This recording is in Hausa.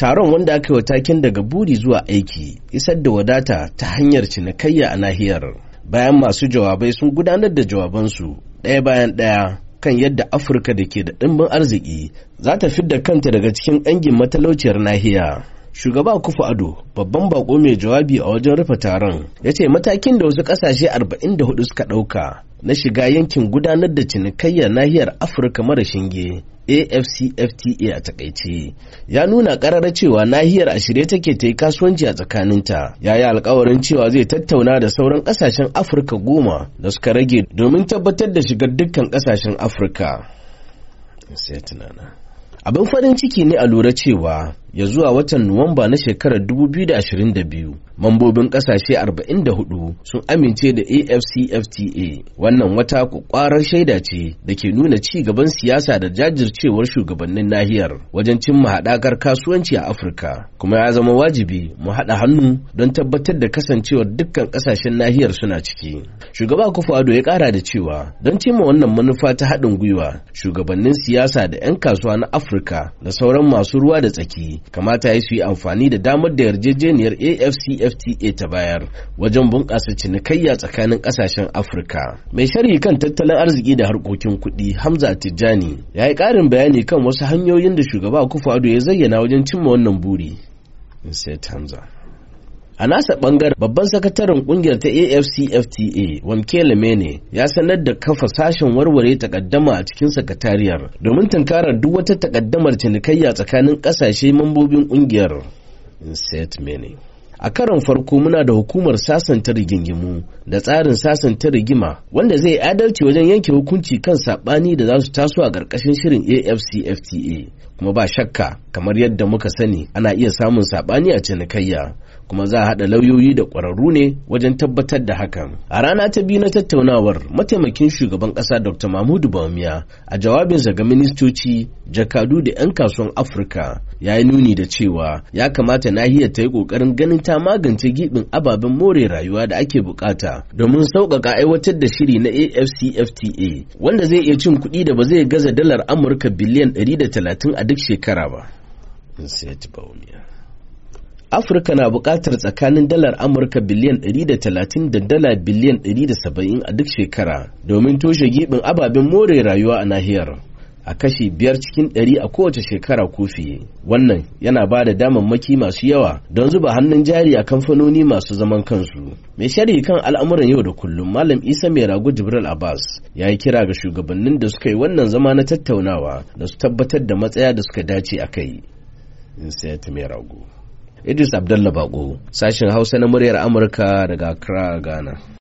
taron wanda aka yi wa takin daga buri zuwa aiki isar da wadata ta hanyar cinikayya a nahiyar bayan masu jawabai sun gudanar da jawabansu ɗaya bayan ɗaya kan yadda afirka da ke da ɗimbin arziki za ta fidda kanta daga cikin ɗangin matalauciyar nahiya shugaba kufu ado babban bako mai jawabi a wajen rufe taron ya ce matakin da wasu ƙasashe hudu suka ɗauka na shiga yankin gudanar da cinikayya nahiyar afirka mara shinge afcfta a takaice ya nuna karara cewa nahiyar a shirye take ta yi kasuwanci a tsakaninta ya yi alkawarin cewa zai tattauna da sauran kasashen afirka goma da suka rage domin tabbatar da shigar dukkan kasashen afirka abin farin ciki ne a lura cewa ya zuwa watan Nuwamba na shekarar 2022 mambobin kasashe 44 sun amince da AFCFTA wannan wata kwakwarar shaida ce da ke nuna ci gaban siyasa da jajircewar shugabannin nahiyar wajen cimma haɗakar kasuwanci a Afirka kuma ya zama wajibi mu haɗa hannu don tabbatar da kasancewar dukkan ƙasashen nahiyar suna ciki shugaba akufo ya ƙara da cewa don cimma wannan manufa ta haɗin gwiwa shugabannin siyasa da 'yan kasuwa na Afirka da sauran masu ruwa da tsaki kamata ya su yi amfani da damar da yarjejeniyar afcfta ta bayar wajen bunƙasa cinikayya tsakanin ƙasashen afirka mai sharhi kan tattalin arziki da harkokin kuɗi hamza tijjani ya yi ƙarin bayani kan wasu hanyoyin da shugaba kufa ya zayyana wajen cimma wannan buri. Hamza. A nasa bangaren babban sakataren kungiyar ta AFCFTA Wamkele Mene ya sanar da kafa sashen warware takaddama a cikin sakatariyar domin tunkarar duk wata takaddamar cinikayya tsakanin kasashe mambobin kungiyar. Inset Mene. a karon farko muna da hukumar sasanta rigingimu da tsarin sasanta rigima wanda zai adalci wajen yanke hukunci kan sabani da za su taso a ƙarƙashin shirin afcfta kuma ba shakka kamar yadda muka sani ana iya samun sabani a cinikayya kuma za a haɗa lauyoyi da ƙwararru ne wajen tabbatar da hakan. A rana ta biyu na tattaunawar mataimakin shugaban ƙasa Dr. Mahmudu Bawumia a jawabinsa ga ministoci, jakadu da 'yan kasuwan Afirka ya yi nuni da cewa ya kamata nahiyar ta yi ƙoƙarin ganin ta magance giɓin ababen more rayuwa da ake buƙata domin sauƙaƙa aiwatar da shiri na AFCFTA wanda zai iya cin kuɗi da ba zai gaza dalar Amurka biliyan 130 a duk shekara ba. Sai Afirka na buƙatar tsakanin dalar Amurka biliyan 130 da dala biliyan 170 a duk shekara domin toshe gibin ababen more rayuwa a nahiyar. a kashi biyar cikin ɗari a kowace shekara ko fiye wannan yana ba da damammaki masu yawa don zuba hannun jari a kamfanoni masu zaman kansu mai sharhi kan al'amuran yau da kullum malam isa mai ragu jibril abbas ya yi kira ga shugabannin da suka yi wannan zama na tattaunawa da su tabbatar da matsaya da suka dace a kai mai Idris Abdullah Bako, sashen Hausa na muryar Amurka daga Accra, Ghana.